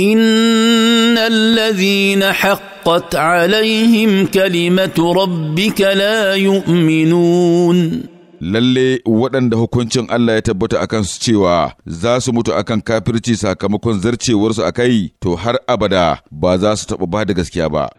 ان الذين حقت عليهم كلمه ربك لا يؤمنون lalle waɗanda hukuncin Allah ya tabbata akan su cewa za su mutu akan kafirci sakamakon zarcewarsu a kai to har abada ba za su taɓa ba da gaskiya ba